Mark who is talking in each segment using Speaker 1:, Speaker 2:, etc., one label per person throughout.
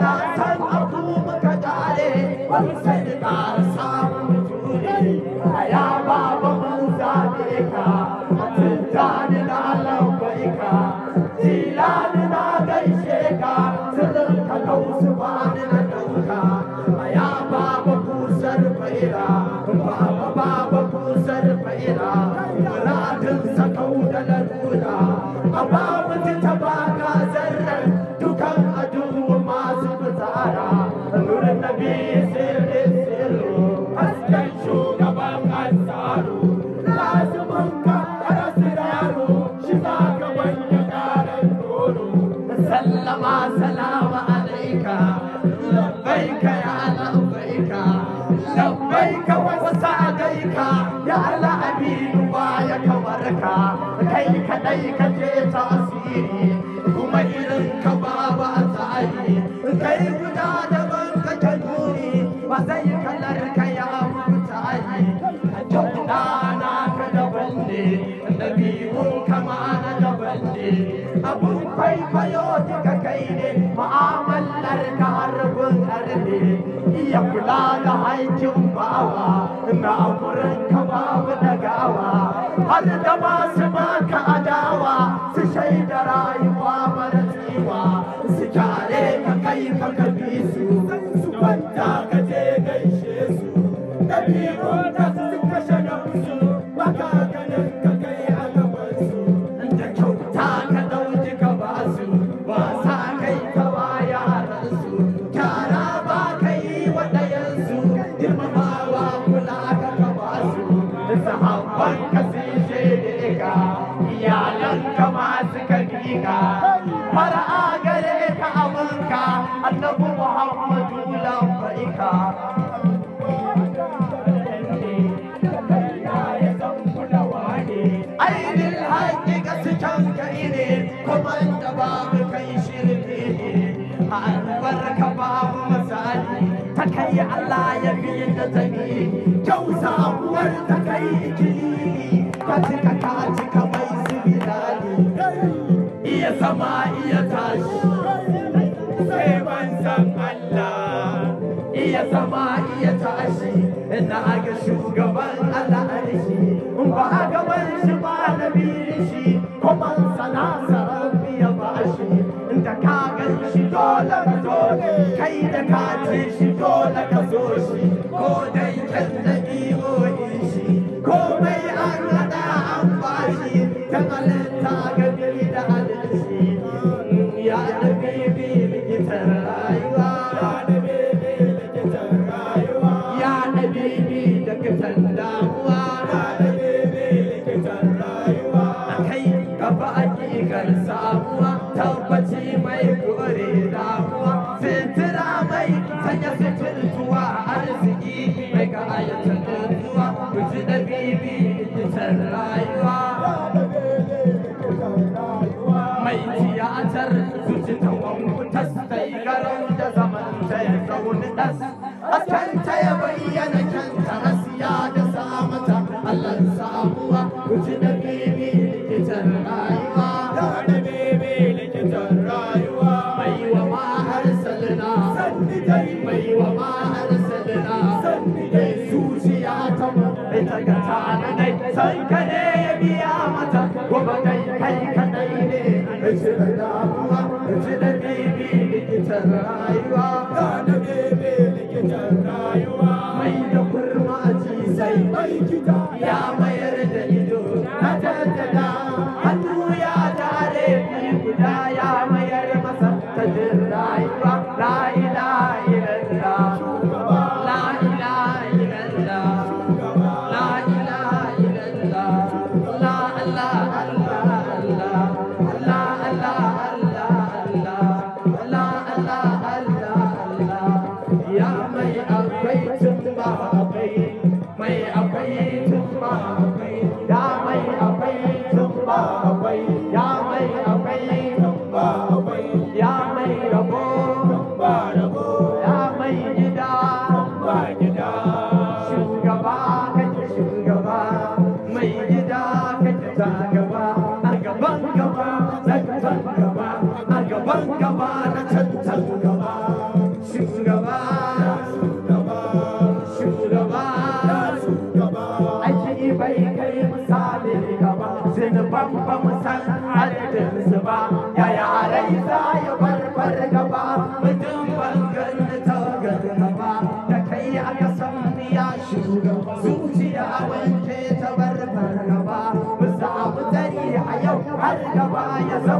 Speaker 1: ください that I like a shoe. mai tiyatar zucitan wanku da It's in the baby,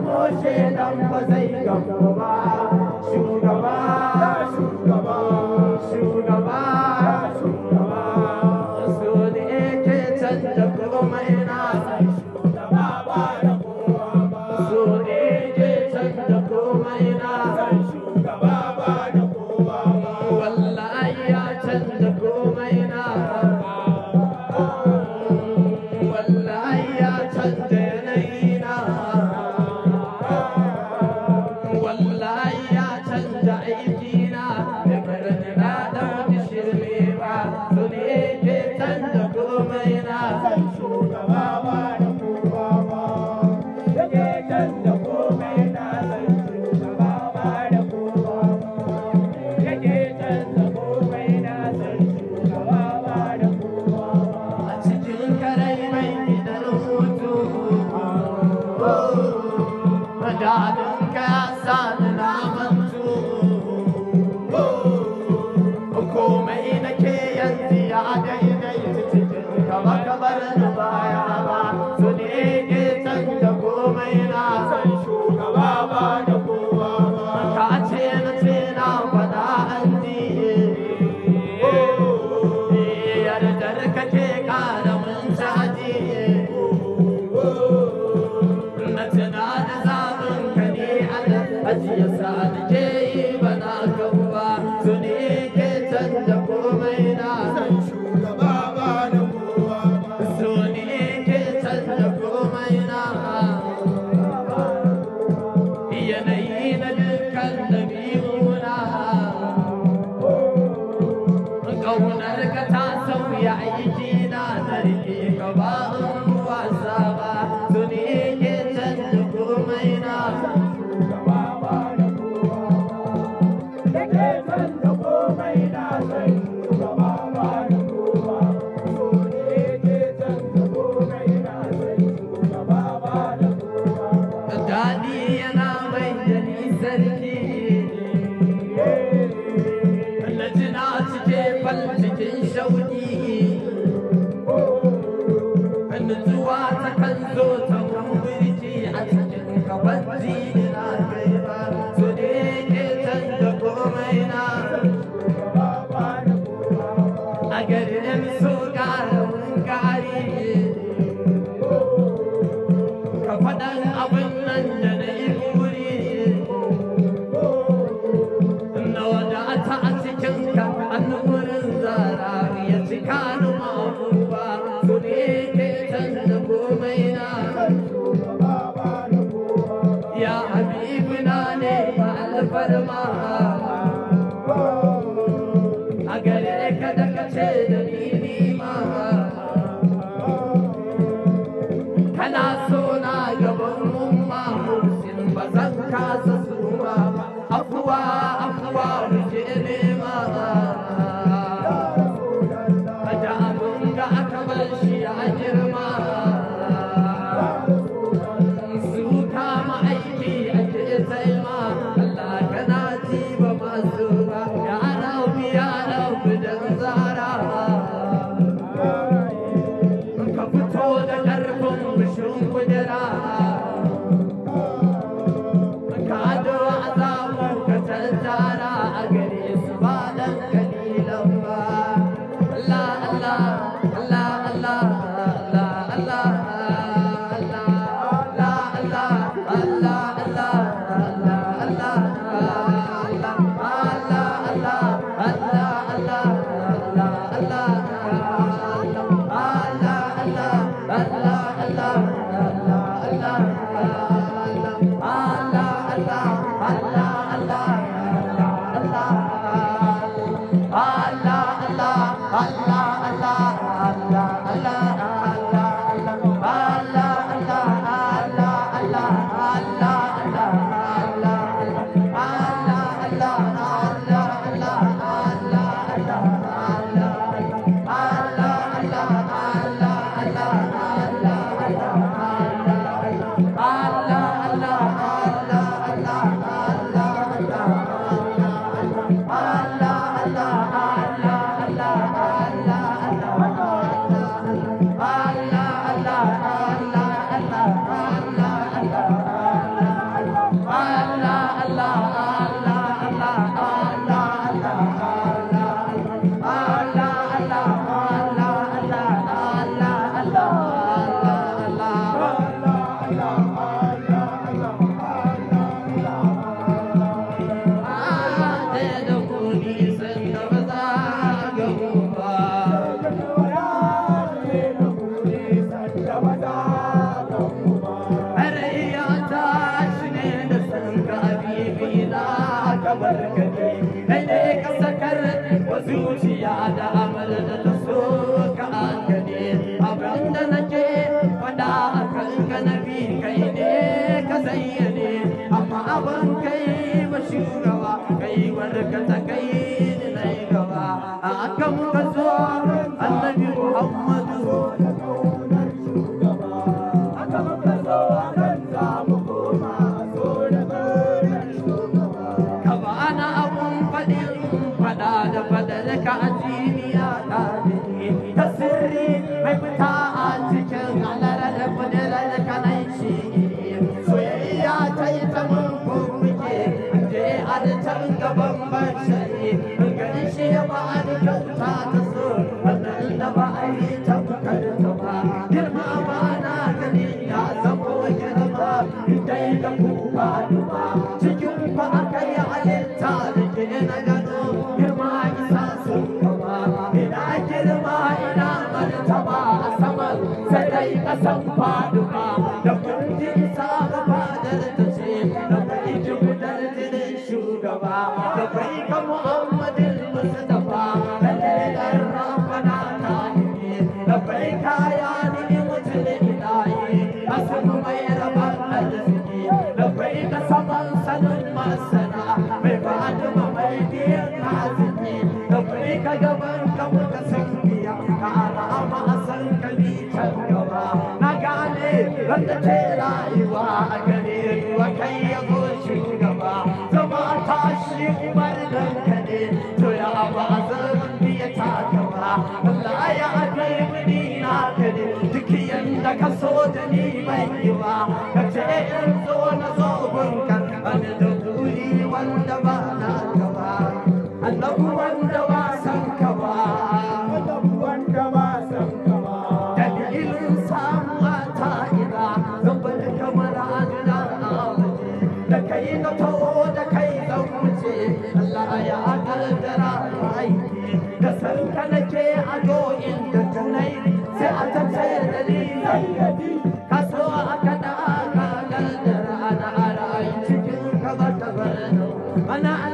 Speaker 1: ko shedan ba zai gamu shugaban Wow. Allah ya habibi na ka ne duk ka so da ni bai yi ba ka ce in zo na zo gunkan an Mana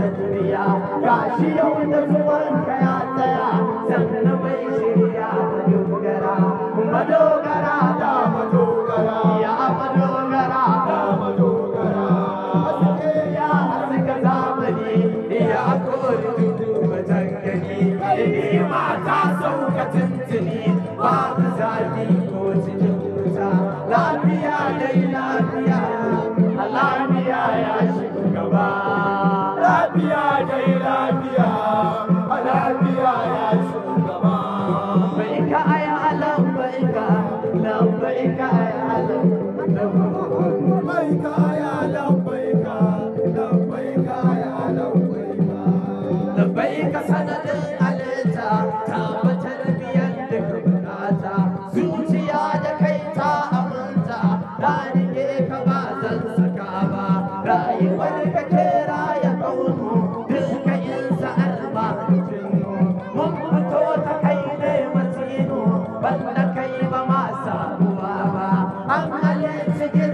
Speaker 1: ta duniya ga shi yau da zuwan ka ya tsaya sannan mai shirya madogara madogara da labbaika ya labbaika labbaika sana you.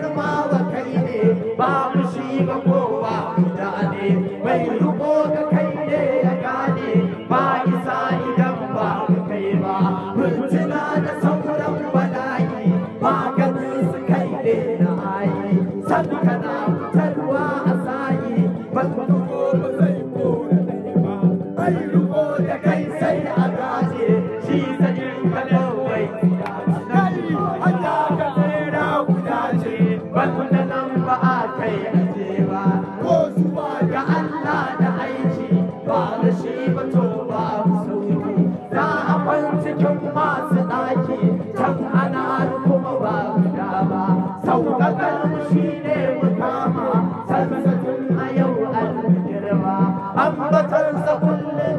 Speaker 1: عم تنسى كل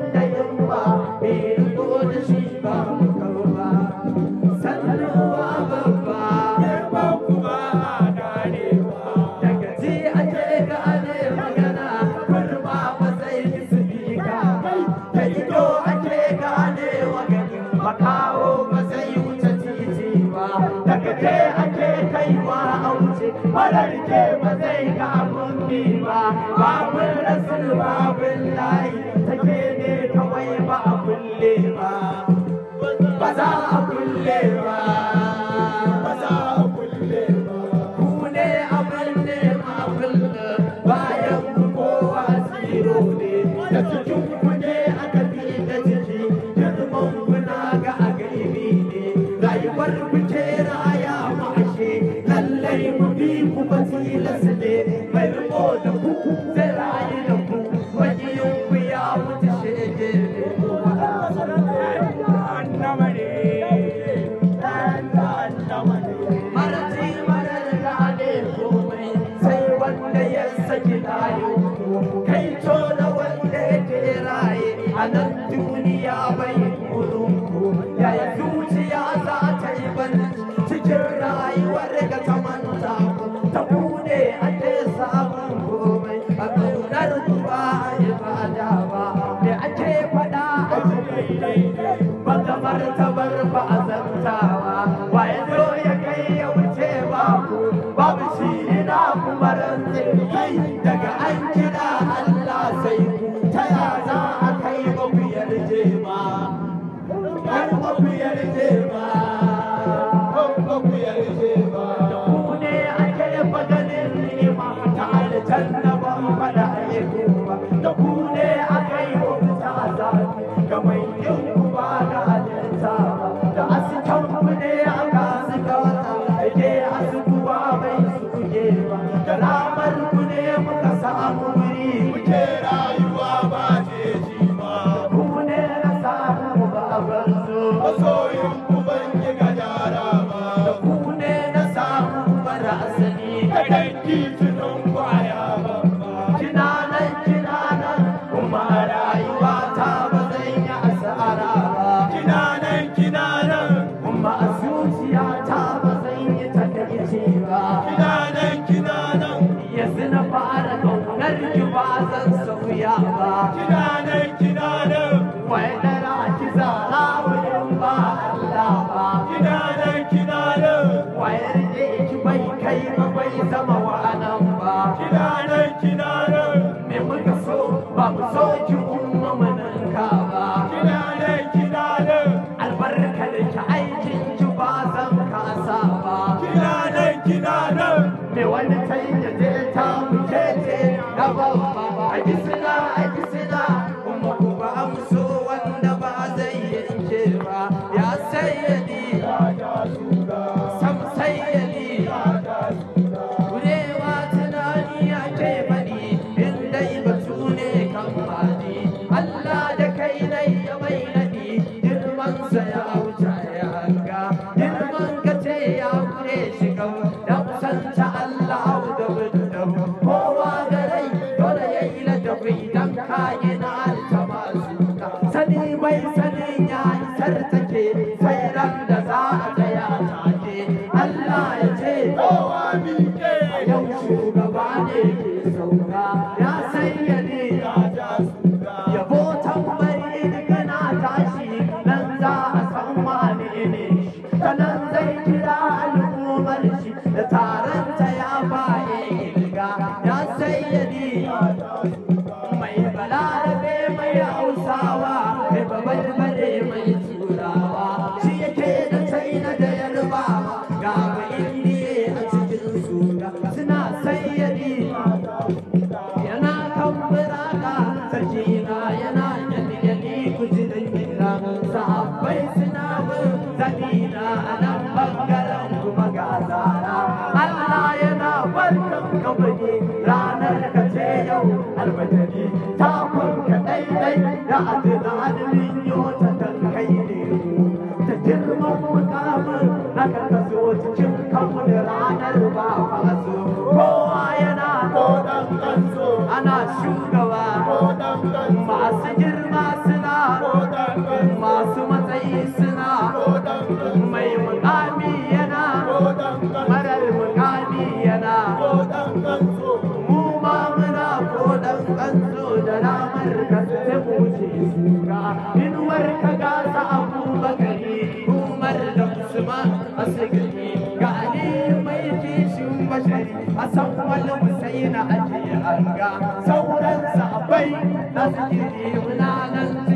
Speaker 1: सती देवनानंद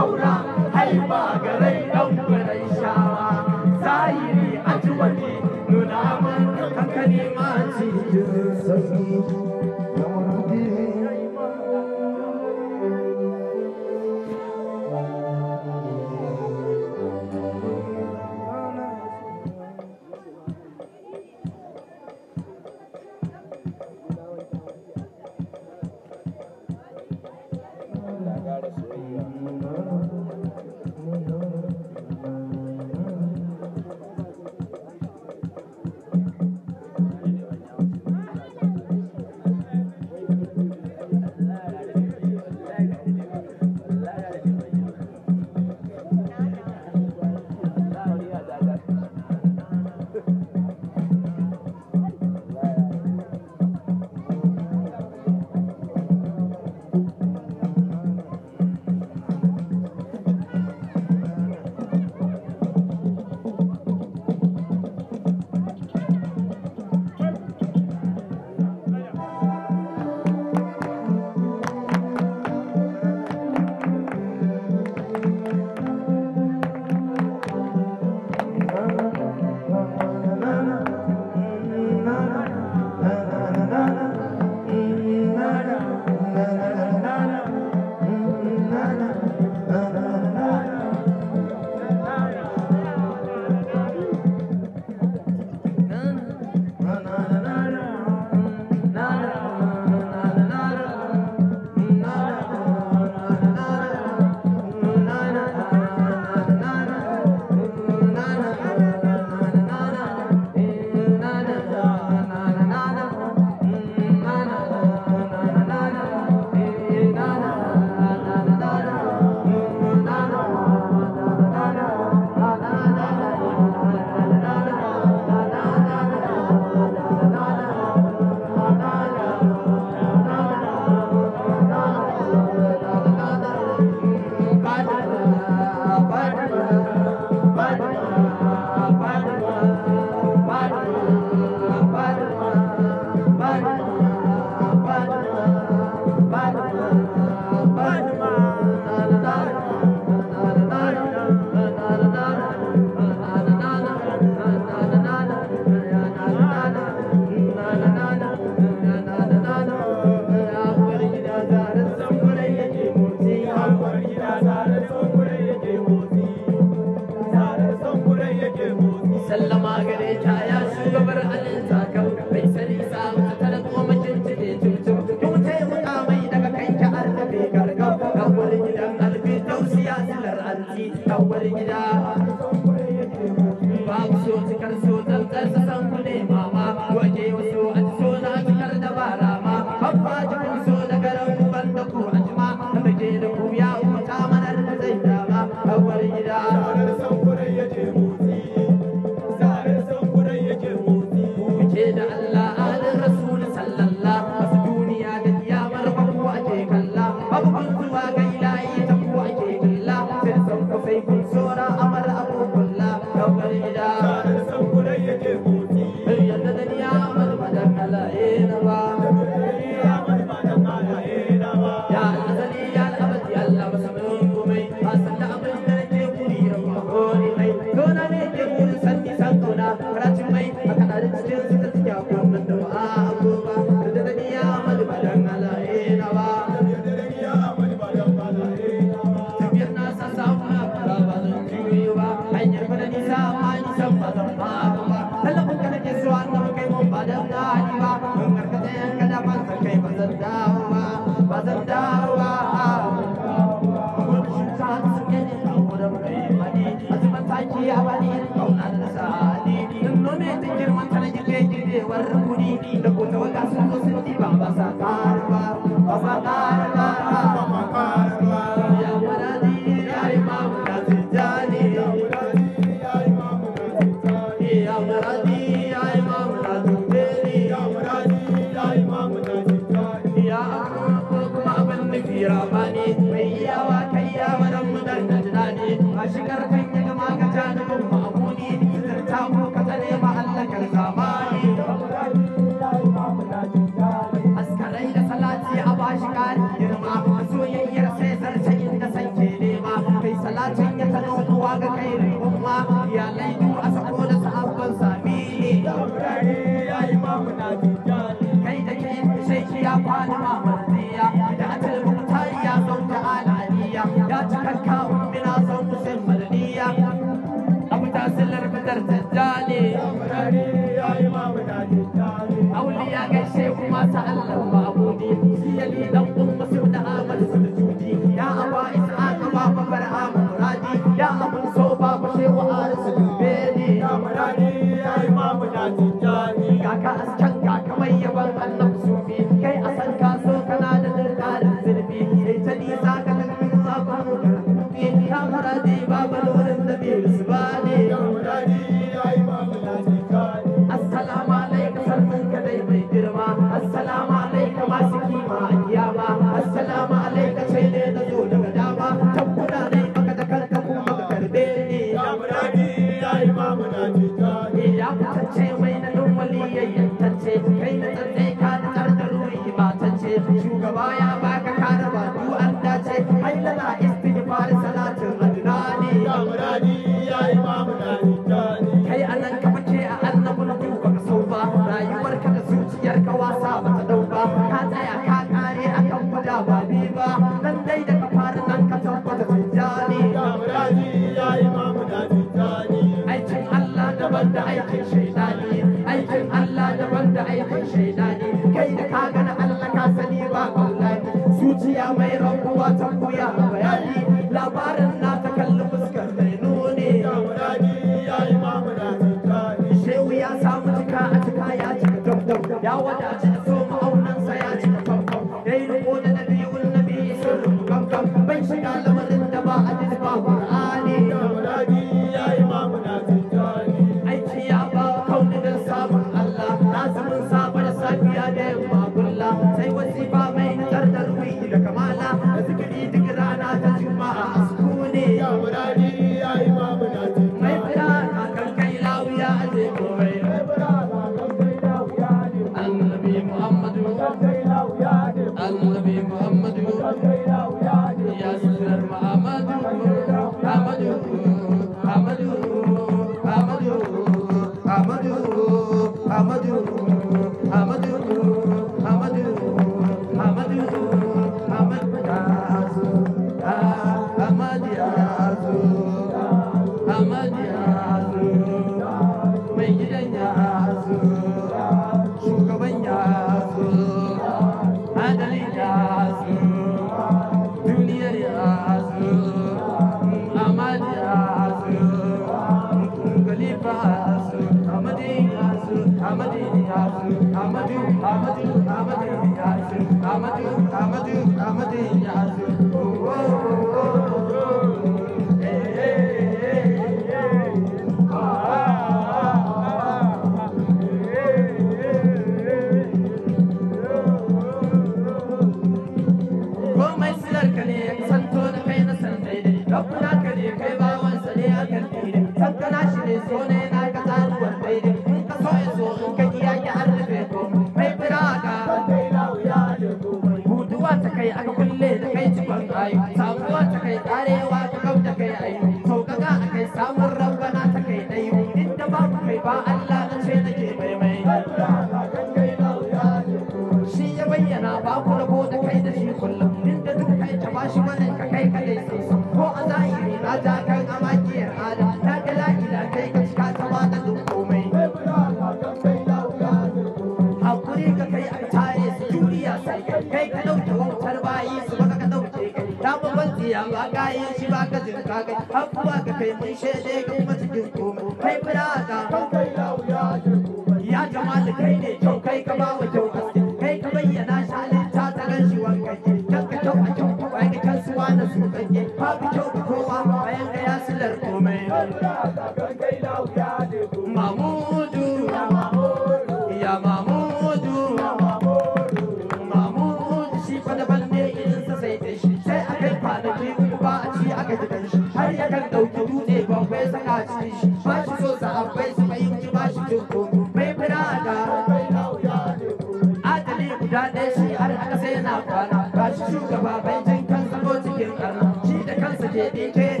Speaker 1: shugaba bai jin kansa ko cikin karna shi da kansa ke ɗinke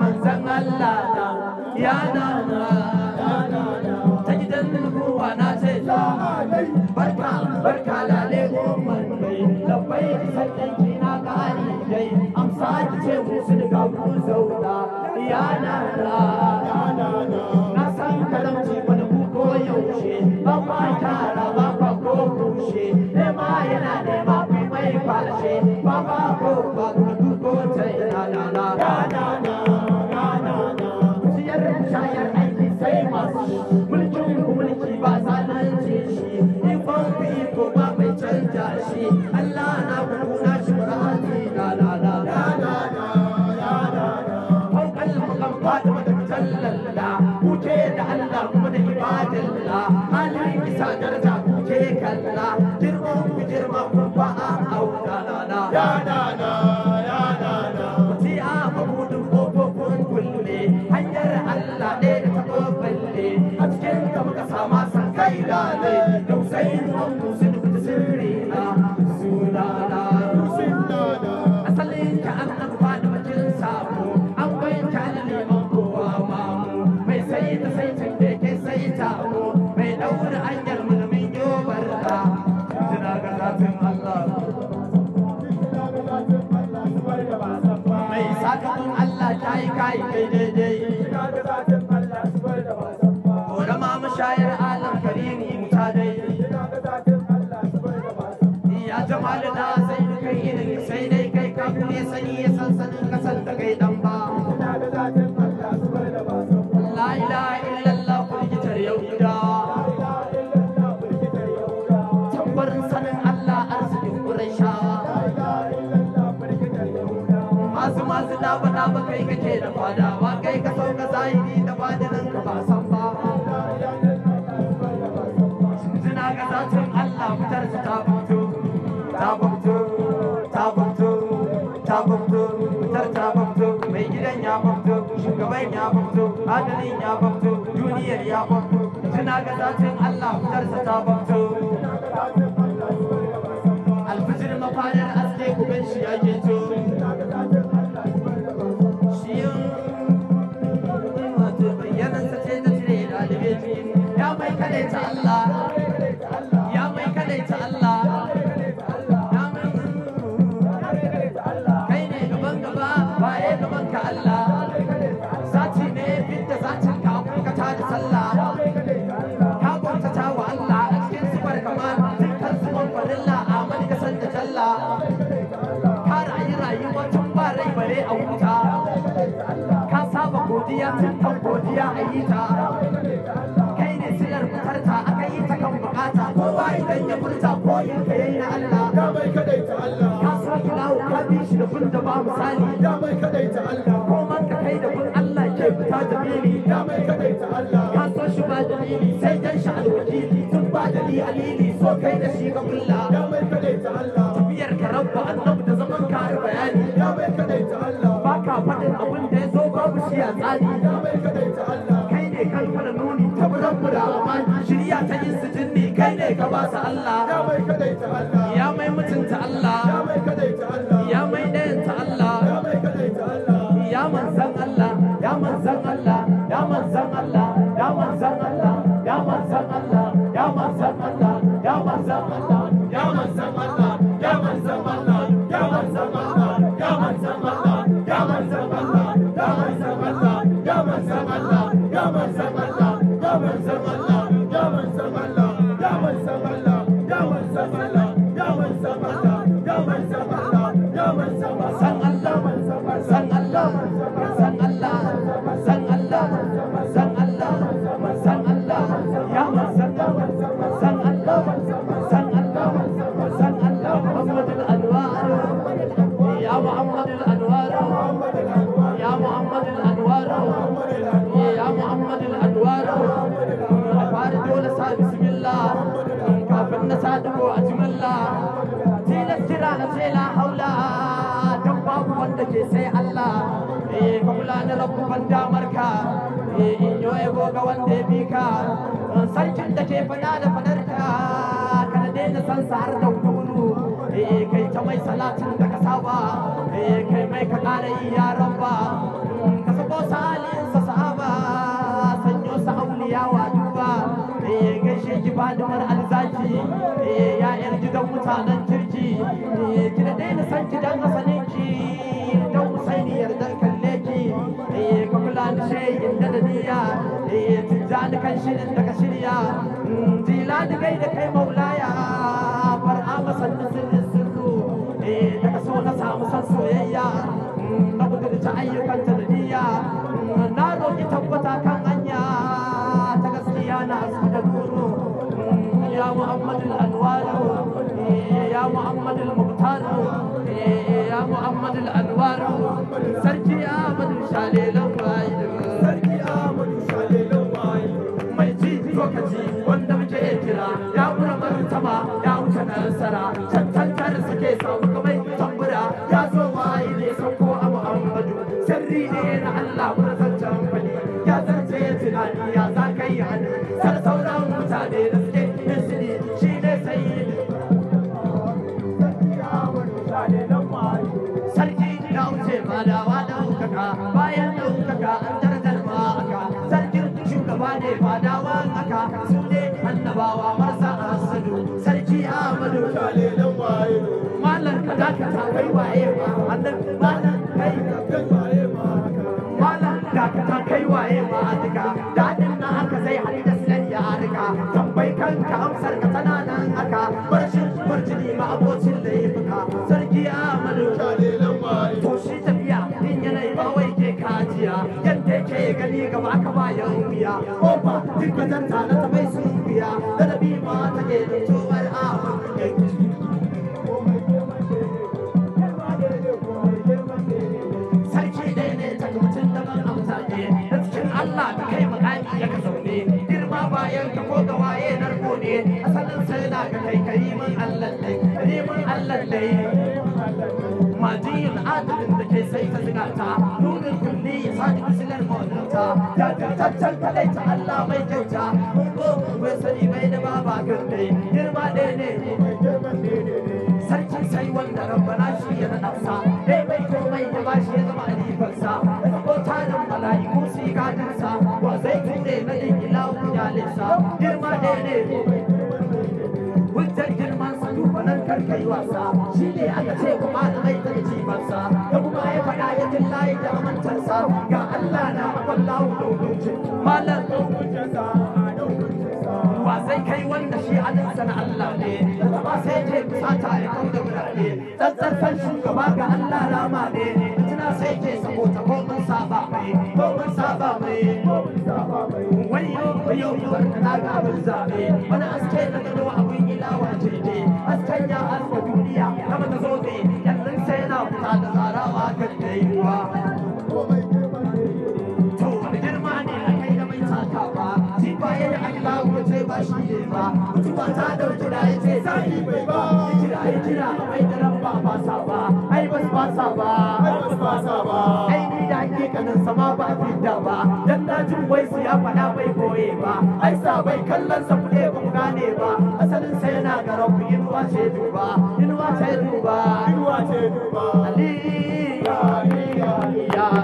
Speaker 1: manzan Allah na ya na na ta gidan nufuwa na ce barka barka lale gomar mai labai sarki na kare dai amsa ki ce musu daga ku zauna ya na na na san karamci wani ku yaushe ba ba yara ba ba ko kushe Allah na gudu na shi burhani na na na na na na Fauƙal mukan Fatima da jallalla kuke da Allah kuma da ibadalla halin kisa daraja kuke kalla girman ku girma ku ba a auna na na ya na na ya na na Kuti a mabudin kulle hanyar Allah ne da taɓa balle a cikin da muka sama san kai da ne mai sakatun Allah ta yi kai kai daidai
Speaker 2: Kora ma mashayar alam
Speaker 1: karimi muta dai Ya jama'a da na sai kai irin sai dai kai kai ne sani ya na faɗa ba kai kake da fadawa kai ka sauka zahiri da fadanin ka ba san ba suna ga zatin Allah fitar su ta fito ta fito ta fito ta fito fitar ta fito mai gidan ya fito shugaban ya fito adalin ya fito duniyar ya fito suna ga zatin Allah fitar su ta fito alfijir mafadar aske kuben shi ya ke to kadaita Allah ya mai kadaita Allah kai ne gaban gaba baye gaban ka Allah sati ne fitta satin ka kuka ta da sallah ka bautata wa Allah a cikin sifar kamar dukkan sifar farilla a malika sanda talla ka rayu rayuwa tun ba rai bare a wuta ka saba godiya tun kan godiya a yi ta dan ya furta koyin ka yayi na Allah da bai kadaita Allah ka saki lawo ka bi shi da kun da ba misali da bai kadaita Allah ko man ka kai da kun Allah ke fita da bili da bai kadaita Allah ka so shi ba dalili sai dan shi alwajili tun ba dali alili so kai da shi ga kulla da bai kadaita Allah tafiyar ka rabba annabi da zaman ka bayani da bai kadaita Allah baka faɗin abin da ya zo babu shi a tsari da bai kadaita Allah kai ne kan fara nuni ta rabbu da amani shirya ta yin sujud ka ba su Allah ya mai kadaita Allah ya mai mutunta Allah ya mai kadaita Allah ya mai dayanta Allah ya mai kadaita Allah ya manzan Allah ya manzan Allah ya manzan Allah ya manzan Allah yabo wanda ya bi ka sarkin da ke fada da fadarka kana daina san da kunu eh kai ta mai salatin da ka saba eh kai mai ka kara yi yaran ba ka sako salin sa sahaba sanyo sa auliya wa duba eh gaishe ki alzaki eh ya yar gidan mutanen kirki eh kina daina sanki gidan asali jilani kan shirin da shirya jilani kai da kai maulaya bar ama sannu sirrin sirru eh daga so na samu san soyayya na kudurci ayyukan tarbiyya na roki tabbata kan hanya ta gaskiya na asku da nuno ya muhammadul anwaru ya muhammadul muqtaru ya muhammadul anwaru sarki ahmadul shalilan bayi masara cancan kar suke sauka mai tambura ya so waye ne sauko a muhammadu sirri ne na allah mura zancen fali ya zance tunani ya za ka yi hannu sar sauran mutane da suke hisni shi ne sai sarki na wuce da hukaka bayan da hukaka an darajar ma aka sarkin shugaba ne da fadawa aka dakata kai waye ma Allah dakata kai waye ma duka dadin na haka zai hali da sanayya a duka tambai kanka amsar ka tana nan aka barshin jini ma abocin da ya fuka sarki Ahmadu kalelan waye to shi tafiya din yanayi ba wai ke kajiya yadda yake gani gaba aka ba ya wuya ko ba duk gajar na ta mai sun biya da ma take da towar ahun ne asalin sai na ka kai kai mun Allah dai kai mun Allah dai adalin da ke sai ka ziga ta nurin kulli ya sadi kisilar maulinta ya tantaccen kadai ta Allah mai kyauta mun ko bai sani bai da baba gande girma ɗaya ne sarki sai wanda rabbana shi ya nadarsa dai bai komai ba shi ya zama alifarsa ko tarin mala'iku su yi gadinsa halinsa girma ɗaya ne hujjar girman sa dubanan karkai wasa shi ne aka ce wa malamai ta jibansa da kuma ya faɗa ya tillaye da amintarsa ga Allah na wallahu dokokin malam dokokinsa ba zai kai wanda shi sa na Allah ne ba sai ce kusata ya kau da birane tsantsarfan shugaba ga Allah rama ne tuna sai ke sa. wayo wayo barka na ga abin wani aske na gado a abin ilawa jeje askan ya aska duniya na mata zobe yallin sai yana fita da tsarawa kan da yiwuwa to wani girma ne a kai da mai takawa ji baya da akila wace ba shi ne ba mutuwa ta dauki da ya ce zafi bai ba kira ya kira ai da ran ba ba sa ba ai ba su ba ba irin sama ba fita ba dan na jin wai su ya fada bai koye ba ai sa bai kallon sa kuɗe ba gane ba asalin sa yana ga rabu inuwa ce duba inuwa ce duba inuwa ce duba ali ya ali ya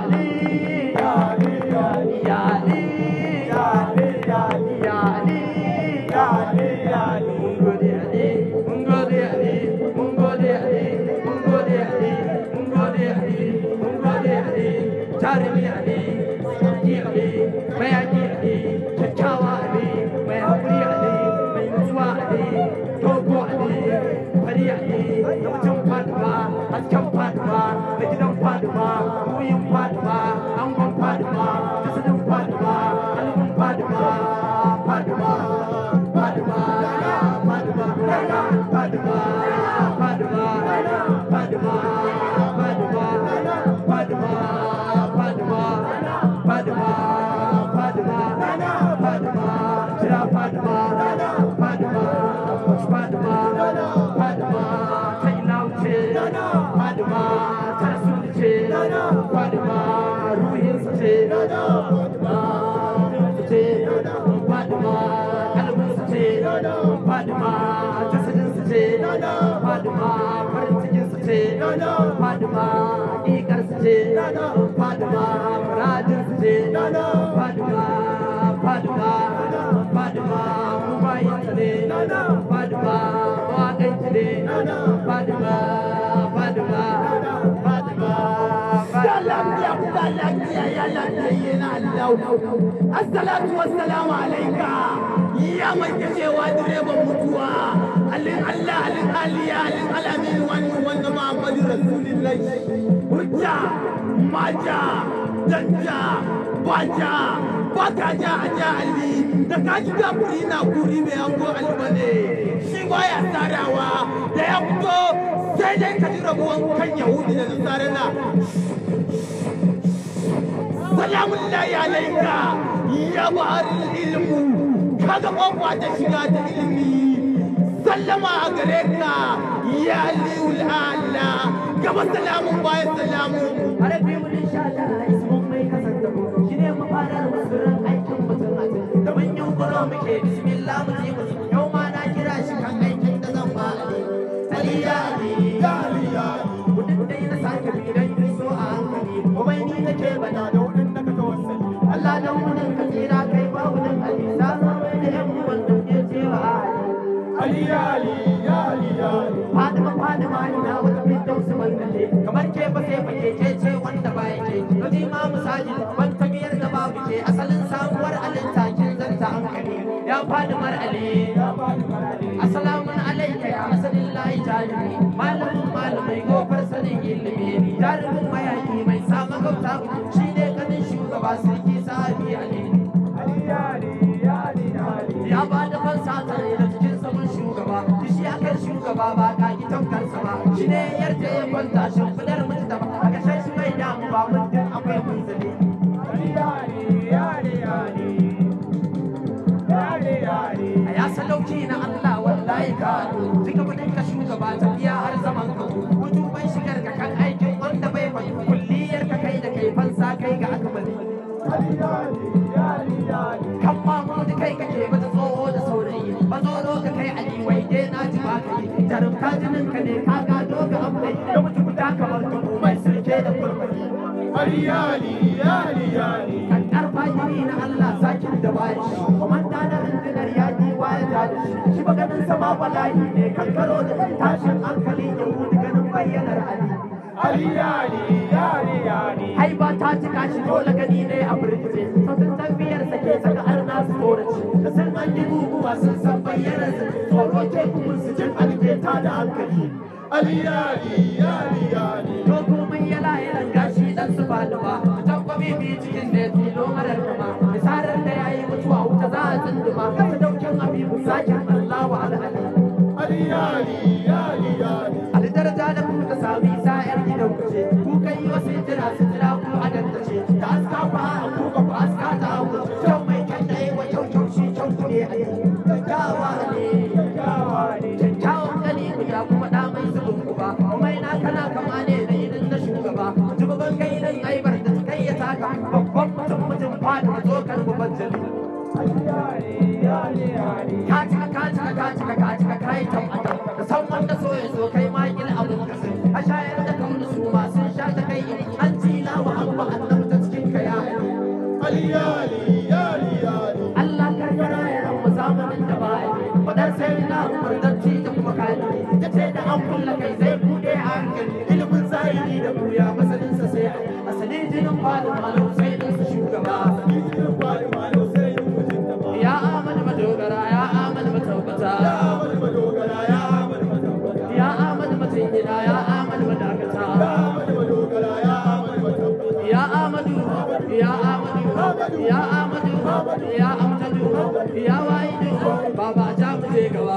Speaker 1: Padma. ce Fatima ikar Salam lafiya ya lafiya yana Allah Assalatu wassalamu ya mutuwa alin Allah alin aliya alin alamin محمد رسول الله حجة ماجا دنجا باجا baka ja a ja Ali da ka ji yi na kuri mai hango Ali bane ba ya tsarawa da ya fito sai dai ka ji rabuwan kan Yahudi da Nasara na salamun lahi alaika ya ba'ar ilmu ga kofa ta shiga da ilimi sallama a gare ka ya liyu la'ala gaba salamun baya salamun ba sai ba keke ce wanda ba yake rabi ma misali ban tagiyar da babu ke asalin samuwar alinta kin zanta an kare ya fadi mar ali assalamu alayka ya asalin lahi jalibi malamin malamai gofar sanin ilimi jarumin mayaki mai sama gauta shi ne kanin shugaba sarki sahabi ali ya ba da fansa tare da cikin saman shugaba shi akan shugaba ba ka ki tamkarsa ba shi ne yarda ya kwanta hukunci na Allah wallahi ka cika bakin ka shugaba tafiya har zaman ka mutum bai shigar ka kan aikin wanda bai mai kulliyar ka kai da kai fansa kai ga akabari kan mu da kai kake ta tsoho da saurayi ba zo ka kai aliwai dai na ji ba kai jarumta jinin ka ne ka gado ga amai da mutum ta kamar dubu
Speaker 2: mai sirke da kurkuri Aliyali,
Speaker 1: yali, yali. Kan ƙarfa na Allah zakin da bayan shi. bala'i shi maganin sama bala'i ne kankaro da tashin hankali ya wuce ganin bayyanar ali Ali yani yani yani Ai ba ta cika shi dole gani ne a birkice Fasin biyar sa ke saka har na su tsoraci Da sun an yi guguwa sun san bayyanar su Tsoro ke kuma su jin alketa da hankali Ali ya yani yani yani To komai yana yalan gashi dan su ba ba. da ta Tankwabi biyu cikin da ya tilo marar kuma zakin Allah wa al'ali Alidaraja da ku ta sami sa'ar gidan ku ce ku kai wasu jira su jira ku adanta ce ta aska ku a ku ba ku aska ta ku kyau mai kyan ɗaya wa kyau kyau shi kyau ku ne a yi kyakkyawa ne kyakkyawan gani ku ya kuma ɗa mai zubin ku ba mai na kana kama ne na idan na shugaba shugaban kai nan aibar da kai ya taka babban mutum mutum fadi zo kan babban jali.
Speaker 2: ka
Speaker 1: cika ka cika ka so kai da su sha an wa cikin ya Allah ka da an kai zai buɗe a ilimin da buya masaninsa sai jinin बाबा जा मुझे गवा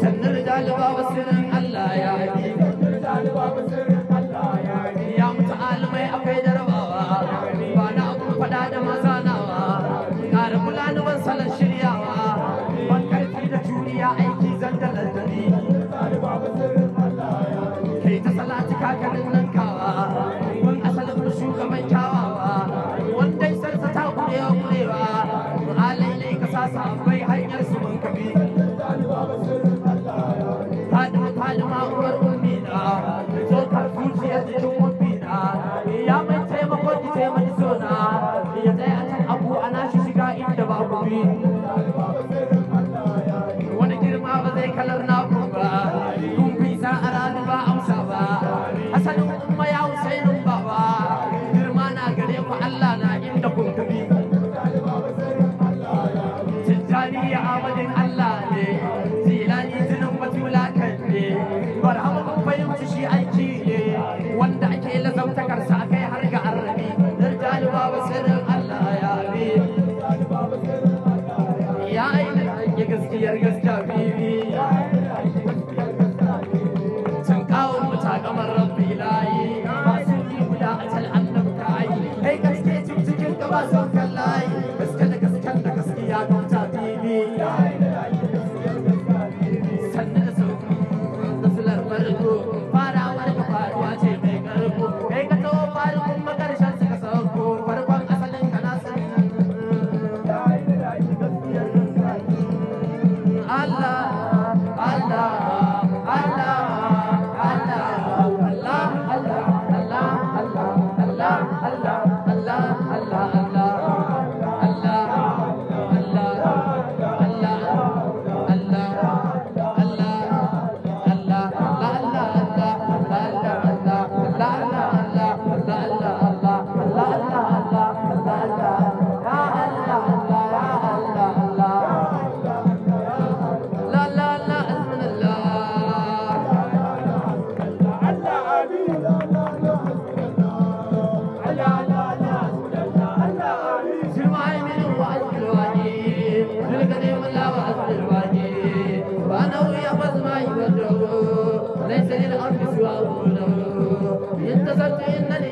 Speaker 1: سنر جال بابا سنر
Speaker 2: さってみんなに